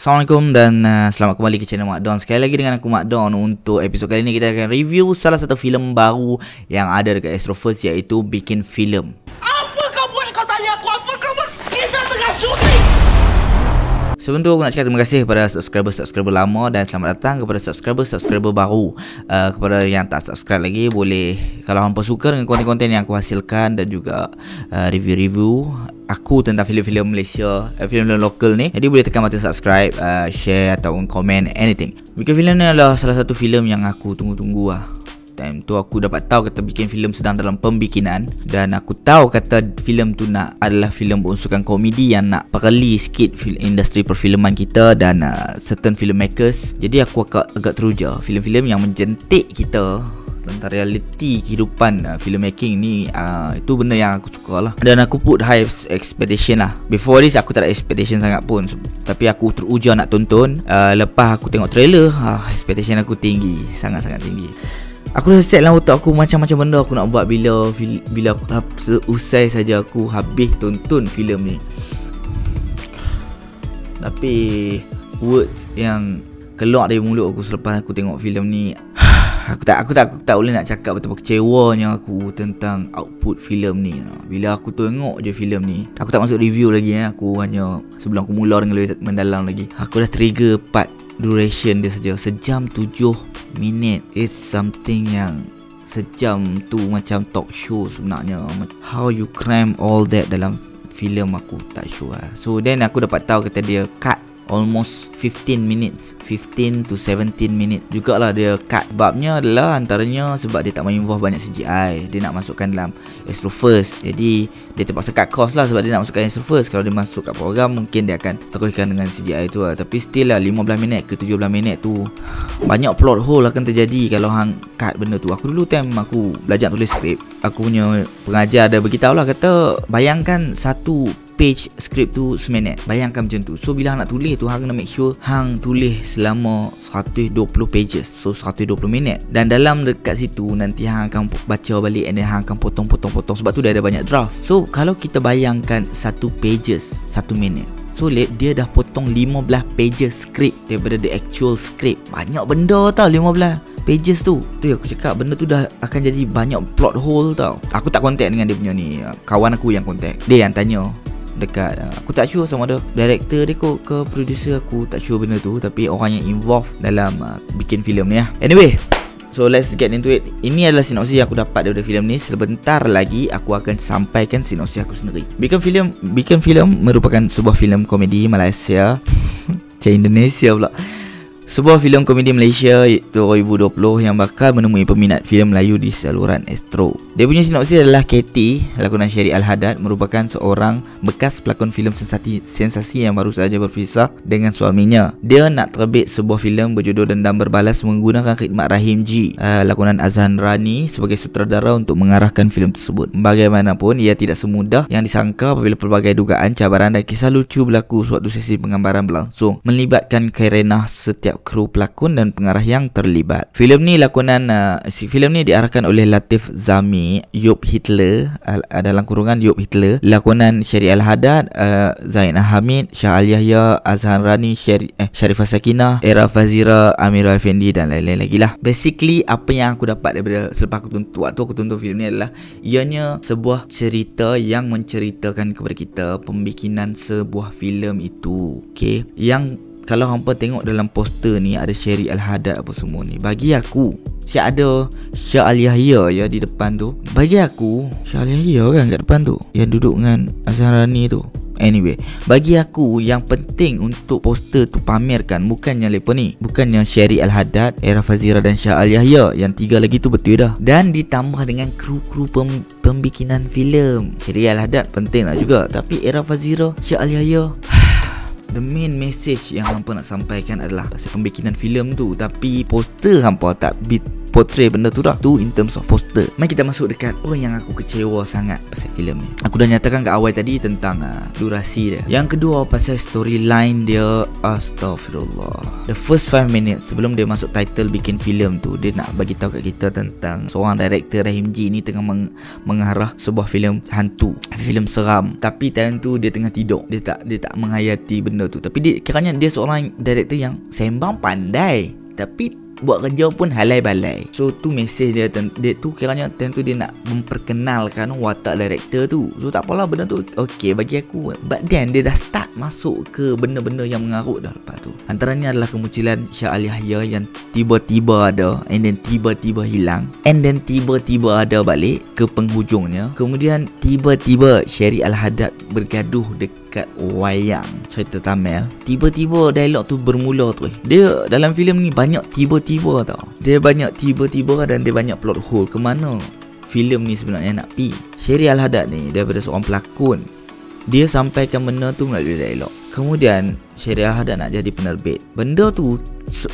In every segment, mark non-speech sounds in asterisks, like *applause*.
Assalamualaikum dan uh, selamat kembali ke channel Mak Don. Sekali lagi dengan aku Mak Don untuk episod kali ini kita akan review salah satu filem baru yang ada dekat Astroverse iaitu Bikin Film. Apa kau buat kau tanya aku apa kau buat? Kita tengah syuting. Sebentar aku nak cakap terima kasih kepada subscriber-subscriber lama dan selamat datang kepada subscriber-subscriber baru. Uh, kepada yang tak subscribe lagi boleh kalau hangpa suka dengan konten-konten yang aku hasilkan dan juga uh, review-review aku tentang filem-filem Malaysia, eh, filem-filem lokal ni. Jadi boleh tekan butang subscribe, uh, share ataupun comment anything. Wicked filem ni adalah salah satu filem yang aku tunggu-tunggu lah. Time tu aku dapat tahu kata bikin filem sedang dalam pembikinan dan aku tahu kata filem tu nak adalah filem berunsurkan komedi yang nak perkali sikit industri perfilman kita dan uh, certain filmmakers. Jadi aku agak, agak teruja filem-filem yang menjentik kita antara reality kehidupan uh, filmmaking ni uh, itu benda yang aku suka lah dan aku put high expectation lah before this aku tak ada expectation sangat pun so, tapi aku teruja nak tonton uh, lepas aku tengok trailer uh, expectation aku tinggi sangat-sangat tinggi Aku dah set lah otak aku macam-macam benda aku nak buat bila bila aku tak usai saja aku habis tonton filem ni. Tapi words yang keluar dari mulut aku selepas aku tengok filem ni aku tak aku tak aku tak boleh nak cakap betapa kecewanya aku tentang output filem ni. Bila aku tengok je filem ni, aku tak masuk review lagi eh. Aku hanya sebelum aku mula dengan lebih mendalam lagi. Aku dah trigger part duration dia saja sejam tujuh minit. It's something yang sejam tu macam talk show sebenarnya. How you cram all that dalam filem aku tak sure. Eh. So then aku dapat tahu kata dia cut almost 15 minutes 15 to 17 minutes juga lah. dia cut babnya adalah antaranya sebab dia tak mau involve banyak CGI dia nak masukkan dalam Astro First jadi dia terpaksa cut cost lah sebab dia nak masukkan Astro First kalau dia masuk kat program mungkin dia akan teruskan dengan CGI tu lah tapi still lah 15 minit ke 17 minit tu banyak plot hole akan terjadi kalau hang cut benda tu aku dulu time aku belajar tulis skrip aku punya pengajar ada beritahu lah kata bayangkan satu page script tu seminit bayangkan macam tu so bila nak tulis tu hang kena make sure hang tulis selama 120 pages so 120 minit dan dalam dekat situ nanti hang akan baca balik and then hang akan potong potong potong sebab tu dia ada banyak draft so kalau kita bayangkan satu pages satu minit So dia dah potong 15 pages script daripada the actual script Banyak benda tau 15 pages tu tu yang aku cakap benda tu dah akan jadi banyak plot hole tau aku tak contact dengan dia punya ni kawan aku yang contact dia yang tanya dekat uh, aku tak sure sama ada director dia kot ke producer aku tak sure benda tu tapi orang yang involved dalam uh, bikin filem ni lah anyway So let's get into it Ini adalah sinopsis yang aku dapat daripada filem ni Sebentar lagi aku akan sampaikan sinopsis aku sendiri Bikin film Bikin film merupakan sebuah filem komedi Malaysia Macam *laughs* Indonesia pula sebuah filem komedi Malaysia 2020 yang bakal menemui peminat filem Melayu di saluran Astro. Dia punya sinopsis adalah Katie, lakonan Sherry al Hadad merupakan seorang bekas pelakon filem sensasi, sensasi yang baru saja berpisah dengan suaminya. Dia nak terbit sebuah filem berjudul Dendam Berbalas menggunakan khidmat Rahim G, uh, lakonan Azhan Rani sebagai sutradara untuk mengarahkan filem tersebut. Bagaimanapun, ia tidak semudah yang disangka apabila pelbagai dugaan, cabaran dan kisah lucu berlaku suatu sesi penggambaran berlangsung melibatkan kerenah setiap kru pelakon dan pengarah yang terlibat. Filem ni lakonan uh, si filem ni diarahkan oleh Latif Zami, Yop Hitler uh, dalam kurungan Yop Hitler, lakonan Syari Al Hadad, uh, Zain Hamid, Syah Al Yahya, Azhan Rani, Syari, eh, Syarifah Sakinah, Era Fazira, Amirul Effendi dan lain-lain lagi lah. Basically apa yang aku dapat daripada selepas aku tonton waktu aku tonton filem ni adalah ianya sebuah cerita yang menceritakan kepada kita pembikinan sebuah filem itu. Okay. Yang kalau hangpa tengok dalam poster ni ada Syari Al-Hadad apa semua ni bagi aku siap ada Syah Al-Yahya ya di depan tu bagi aku Syah Al-Yahya kan kat depan tu yang duduk dengan Azharani tu Anyway, bagi aku yang penting untuk poster tu pamerkan bukannya lepa ni, bukannya Sherry Al Hadad, Era Fazira dan Syah Al Yahya yang tiga lagi tu betul dah. Dan ditambah dengan kru-kru pem pembikinan filem. Sherry Al Hadad penting lah juga, tapi Era Fazira, Syah Al Yahya, the main message yang hampa nak sampaikan adalah pasal pembikinan filem tu tapi poster hampa tak beat portray benda tu dah tu in terms of poster mari kita masuk dekat point yang aku kecewa sangat pasal filem ni aku dah nyatakan kat awal tadi tentang uh, durasi dia yang kedua pasal storyline dia astagfirullah the first 5 minutes sebelum dia masuk title bikin filem tu dia nak bagi tahu kat kita tentang seorang director Rahim G ni tengah meng- mengarah sebuah filem hantu filem seram tapi time tu dia tengah tidur dia tak dia tak menghayati benda tu tapi dia kiranya dia seorang director yang sembang pandai tapi buat kerja pun halai balai so tu mesej dia dia tu kiranya time tu dia nak memperkenalkan watak director tu so tak apalah benda tu okey bagi aku but then dia dah start masuk ke benda-benda yang mengarut dah lepas tu antaranya adalah kemunculan Syah Ali Yahya yang tiba-tiba ada and then tiba-tiba hilang and then tiba-tiba ada balik ke penghujungnya kemudian tiba-tiba Sherry Al-Hadad bergaduh dekat dekat wayang cerita Tamil tiba-tiba dialog tu bermula tu eh. dia dalam filem ni banyak tiba-tiba tau dia banyak tiba-tiba dan dia banyak plot hole ke mana filem ni sebenarnya nak pi Sherry Al-Haddad ni daripada seorang pelakon dia sampaikan benda tu melalui dialog kemudian Sherry Al-Haddad nak jadi penerbit benda tu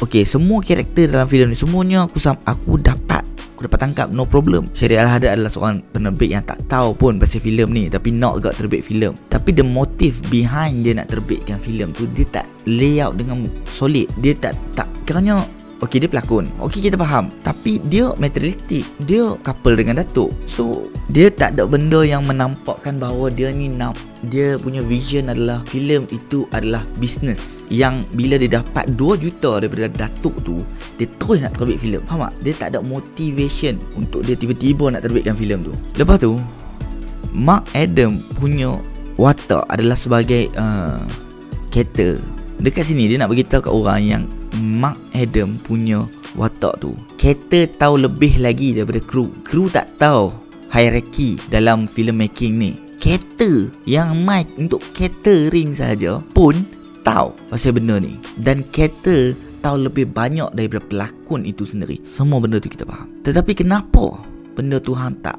okey semua karakter dalam filem ni semuanya aku aku dapat aku dapat tangkap no problem Syari Al-Hadar adalah seorang penerbit yang tak tahu pun pasal filem ni tapi nak got terbit filem tapi the motive behind dia nak terbitkan filem tu dia tak layout dengan solid dia tak tak kiranya Okey dia pelakon Okey kita faham Tapi dia materialistik Dia couple dengan Datuk So Dia tak ada benda yang menampakkan bahawa dia ni nak Dia punya vision adalah filem itu adalah bisnes Yang bila dia dapat 2 juta daripada Datuk tu Dia terus nak terbit filem Faham tak? Dia tak ada motivation Untuk dia tiba-tiba nak terbitkan filem tu Lepas tu Mark Adam punya watak adalah sebagai uh, Kater Dekat sini dia nak beritahu kat orang yang Mark Adam punya watak tu. Kereta tahu lebih lagi daripada kru. Kru tak tahu hierarki dalam filmmaking ni. Kereta yang mic untuk catering saja pun tahu pasal benda ni. Dan kereta tahu lebih banyak daripada pelakon itu sendiri. Semua benda tu kita faham. Tetapi kenapa benda tu tak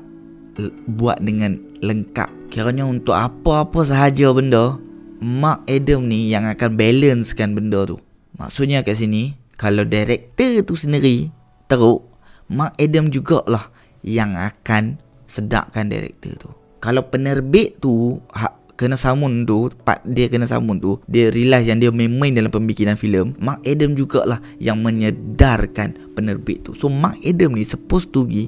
buat dengan lengkap? Kiranya untuk apa-apa sahaja benda, Mark Adam ni yang akan balancekan benda tu. Maksudnya kat sini Kalau director tu sendiri Teruk Mark Adam jugalah Yang akan Sedapkan director tu Kalau penerbit tu hak, Kena samun tu Part dia kena samun tu Dia realize yang dia main-main Dalam pembikinan filem Mark Adam jugalah Yang menyedarkan Penerbit tu So Mark Adam ni Supposed to be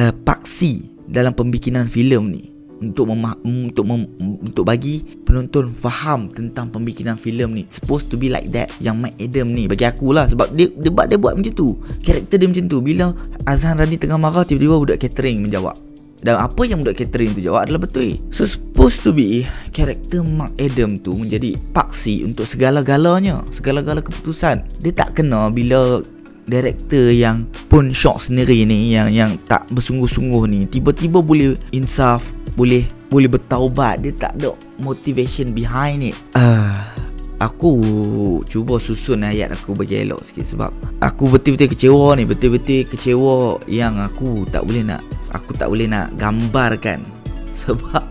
uh, Paksi Dalam pembikinan filem ni untuk memah- untuk mem- untuk bagi penonton faham tentang pembikinan filem ni supposed to be like that yang Mike Adam ni bagi aku lah sebab dia debat dia buat macam tu karakter dia macam tu bila Azhan Rani tengah marah tiba-tiba budak catering menjawab dan apa yang budak catering tu jawab adalah betul So supposed to be Karakter Mark Adam tu menjadi paksi untuk segala-galanya Segala-gala keputusan Dia tak kena bila Director yang pun shock sendiri ni Yang yang tak bersungguh-sungguh ni Tiba-tiba boleh insaf boleh boleh bertaubat dia tak ada motivation behind it uh, aku cuba susun ayat aku bagi elok sikit sebab aku betul-betul kecewa ni betul-betul kecewa yang aku tak boleh nak aku tak boleh nak gambarkan *laughs* sebab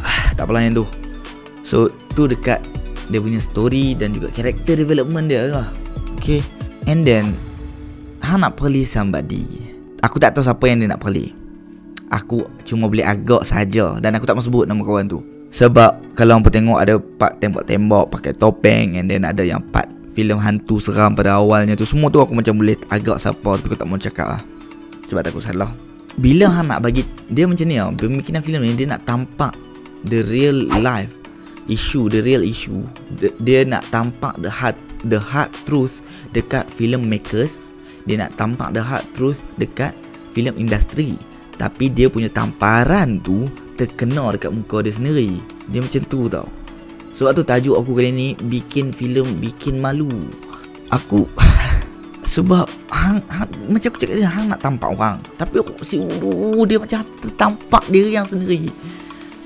uh, tak apalah yang tu so tu dekat dia punya story dan juga character development dia lah okay and then Ha nak perli somebody Aku tak tahu siapa yang dia nak perli Aku cuma beli agak saja Dan aku tak mahu sebut nama kawan tu Sebab kalau orang tengok ada part tembok-tembok Pakai topeng And then ada yang part filem hantu seram pada awalnya tu Semua tu aku macam boleh agak siapa Tapi aku tak mahu cakap lah Sebab aku salah Bila Han nak bagi Dia macam ni lah Pemikiran filem ni dia nak tampak The real life Issue, the real issue Dia, nak tampak the hard the hard truth dekat filmmakers dia nak tampak the hard truth dekat film industri tapi dia punya tamparan tu terkena dekat muka dia sendiri. Dia macam tu tau. Sebab tu tajuk aku kali ni bikin filem bikin malu. Aku *laughs* sebab hang, hang macam aku cakap dia hang nak tampak orang. Tapi aku si uh, oh, dia macam tampak dia yang sendiri.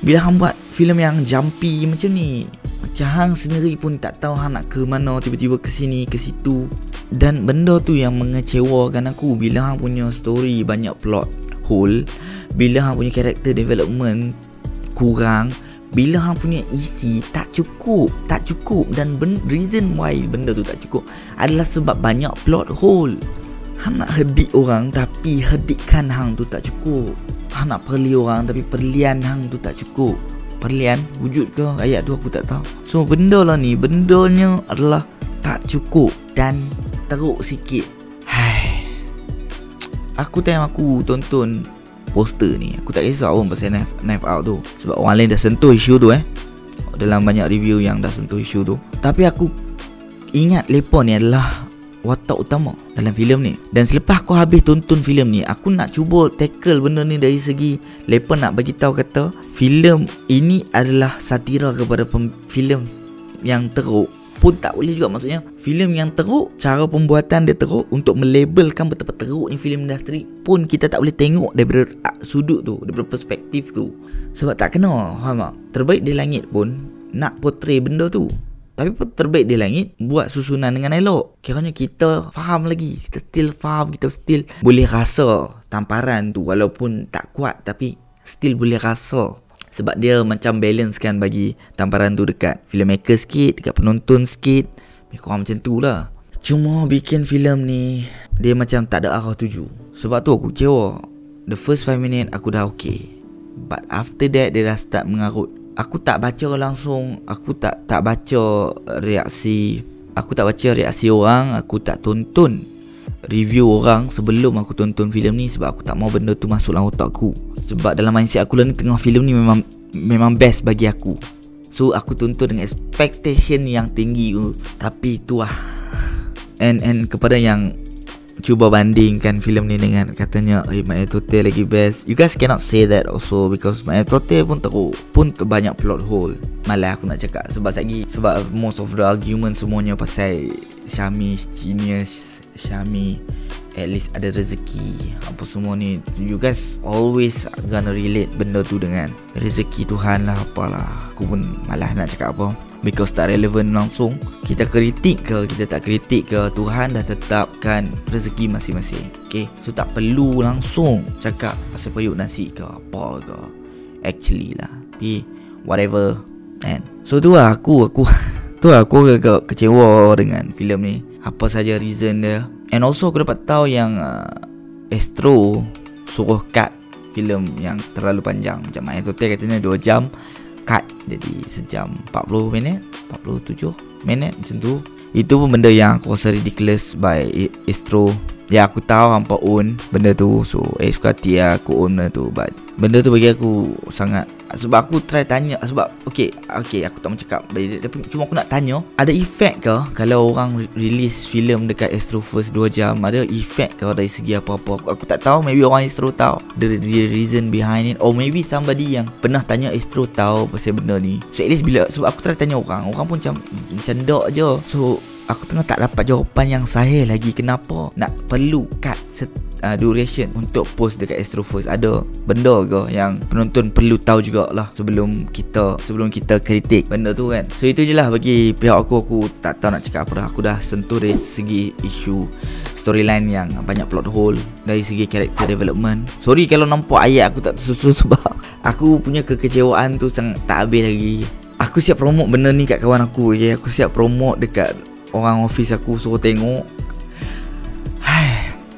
Bila hang buat filem yang jumpy macam ni. Macam hang sendiri pun tak tahu hang nak ke mana tiba-tiba ke sini ke situ. Dan benda tu yang mengecewakan aku bila hang punya story banyak plot hole bila hang punya character development kurang bila hang punya isi tak cukup tak cukup dan ben- reason why benda tu tak cukup adalah sebab banyak plot hole hang nak hedik orang tapi hedikkan hang tu tak cukup hang nak perli orang tapi perlian hang tu tak cukup perlian wujud ke ayat tu aku tak tahu so benda lah ni bendanya adalah tak cukup dan teruk sikit aku time aku tonton poster ni aku tak risau pun pasal knife, knife out tu sebab orang lain dah sentuh isu tu eh dalam banyak review yang dah sentuh isu tu tapi aku ingat lepon ni adalah watak utama dalam filem ni dan selepas aku habis tonton filem ni aku nak cuba tackle benda ni dari segi lepon nak bagi tahu kata filem ini adalah satira kepada filem yang teruk pun tak boleh juga maksudnya filem yang teruk cara pembuatan dia teruk untuk melabelkan betapa teruknya filem industri pun kita tak boleh tengok daripada ah, sudut tu daripada perspektif tu sebab tak kena faham tak terbaik di langit pun nak portray benda tu tapi terbaik di langit buat susunan dengan elok kiranya kita faham lagi kita still faham kita still boleh rasa tamparan tu walaupun tak kuat tapi still boleh rasa sebab dia macam balance kan bagi tamparan tu dekat filmmaker sikit, dekat penonton sikit. kurang macam tu lah. Cuma bikin filem ni, dia macam tak ada arah tuju. Sebab tu aku kecewa. The first five minute aku dah okay. But after that, dia dah start mengarut. Aku tak baca langsung, aku tak tak baca reaksi. Aku tak baca reaksi orang, aku tak tonton review orang sebelum aku tonton filem ni sebab aku tak mau benda tu masuk dalam otak aku. Sebab dalam mindset aku lah ni tengah filem ni memang memang best bagi aku. So aku tonton dengan expectation yang tinggi tu tapi tu lah. And and kepada yang cuba bandingkan filem ni dengan katanya eh hey, Maya Tote lagi best. You guys cannot say that also because Maya Tote pun teruk pun banyak plot hole. Malah aku nak cakap sebab lagi sebab most of the argument semuanya pasal Syami genius Xiaomi at least ada rezeki apa semua ni you guys always gonna relate benda tu dengan rezeki Tuhan lah apalah aku pun malah nak cakap apa because tak relevan langsung kita kritik ke kita tak kritik ke Tuhan dah tetapkan rezeki masing-masing okay so tak perlu langsung cakap pasal periuk nasi ke apa ke actually lah tapi whatever and so tu lah aku aku *laughs* tu lah aku agak kecewa dengan filem ni apa saja reason dia and also aku dapat tahu yang uh, Astro suruh cut filem yang terlalu panjang macam mana total katanya 2 jam cut jadi sejam 40 minit 47 minit macam tu itu pun benda yang aku rasa ridiculous by Astro Ya aku tahu hampa own benda tu So eh suka hati lah aku own benda tu But benda tu bagi aku sangat sebab aku try tanya Sebab Okay Okay aku tak mau cakap Cuma aku nak tanya Ada efek ke Kalau orang release filem Dekat Astro First 2 jam Ada efek ke Dari segi apa-apa aku, aku tak tahu Maybe orang Astro tahu the, the reason behind it Or maybe somebody yang Pernah tanya Astro tahu Pasal benda ni So at least bila Sebab aku try tanya orang Orang pun macam Macam dok je So Aku tengah tak dapat jawapan yang sahih lagi Kenapa Nak perlu cut setiap uh, duration untuk post dekat Astrofirst ada benda ke yang penonton perlu tahu jugalah sebelum kita sebelum kita kritik benda tu kan so itu je lah bagi pihak aku aku tak tahu nak cakap apa dah aku dah sentuh dari segi isu storyline yang banyak plot hole dari segi character development sorry kalau nampak ayat aku tak tersusun *laughs* sebab aku punya kekecewaan tu sangat tak habis lagi aku siap promote benda ni kat kawan aku je okay? aku siap promote dekat orang office aku suruh tengok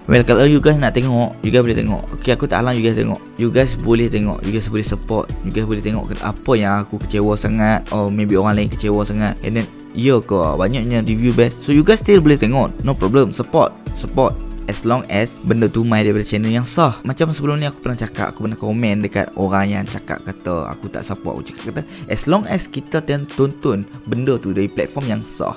Well kalau you guys nak tengok You guys boleh tengok Okay aku tak halang you guys tengok You guys boleh tengok You guys boleh support You guys boleh tengok Apa yang aku kecewa sangat Or maybe orang lain kecewa sangat And then Yo kau Banyaknya review best So you guys still boleh tengok No problem Support Support As long as Benda tu main daripada channel yang sah Macam sebelum ni aku pernah cakap Aku pernah komen dekat orang yang cakap Kata aku tak support Aku cakap kata As long as kita tonton Benda tu dari platform yang sah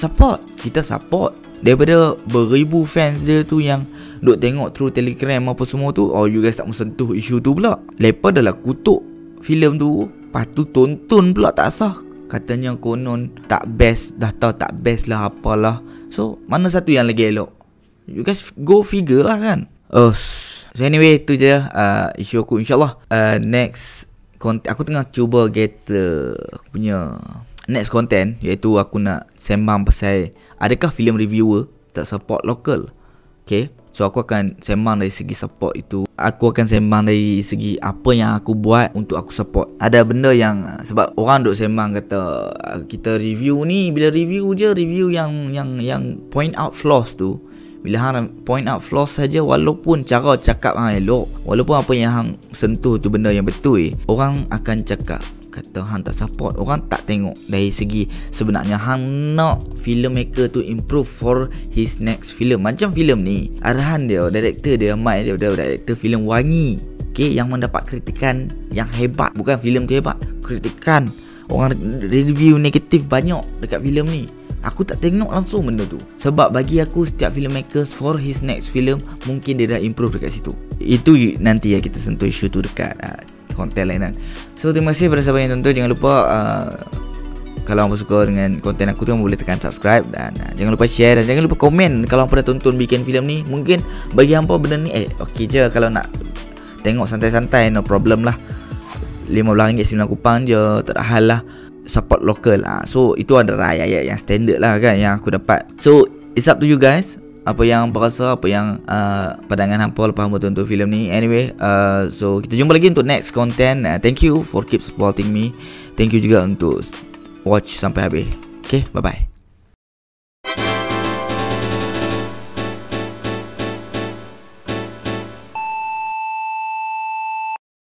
support kita support daripada beribu fans dia tu yang duk tengok through telegram apa semua tu oh you guys tak sentuh isu tu pula lepa dah lah kutuk filem tu lepas tu tonton pula tak sah katanya konon tak best dah tahu tak best lah apalah so mana satu yang lagi elok you guys go figure lah kan Oh So anyway tu je uh, isu aku insyaAllah uh, Next content, aku tengah cuba get uh, aku punya Next content iaitu aku nak sembang pasal adakah film reviewer tak support local. Okay. So aku akan sembang dari segi support itu Aku akan sembang dari segi apa yang aku buat untuk aku support Ada benda yang sebab orang duk sembang kata ah, Kita review ni bila review je review yang yang yang point out flaws tu bila hang point out flaws saja walaupun cara cakap hang elok walaupun apa yang hang sentuh tu benda yang betul eh, orang akan cakap kata hang tak support orang tak tengok dari segi sebenarnya hang nak filmmaker tu improve for his next film macam film ni arahan dia director dia mai dia, dia director film wangi okey yang mendapat kritikan yang hebat bukan filem tu hebat kritikan orang review negatif banyak dekat filem ni Aku tak tengok langsung benda tu Sebab bagi aku setiap filmmakers for his next film Mungkin dia dah improve dekat situ Itu nanti ya kita sentuh isu tu dekat uh, konten lainan. So terima kasih pada sahabat yang tonton Jangan lupa uh, Kalau orang suka dengan konten aku tu Boleh tekan subscribe Dan uh, jangan lupa share Dan jangan lupa komen Kalau orang pernah tonton bikin filem ni Mungkin bagi hampa benda ni Eh okey je kalau nak Tengok santai-santai No problem lah RM15, RM9 kupang je Tak ada hal lah Support local ha. So itu adalah ayat-ayat yang standard lah kan Yang aku dapat So it's up to you guys apa yang hampa rasa apa yang uh, pandangan hampa lepas hampa tonton filem ni anyway uh, so kita jumpa lagi untuk next content uh, thank you for keep supporting me thank you juga untuk watch sampai habis okay bye bye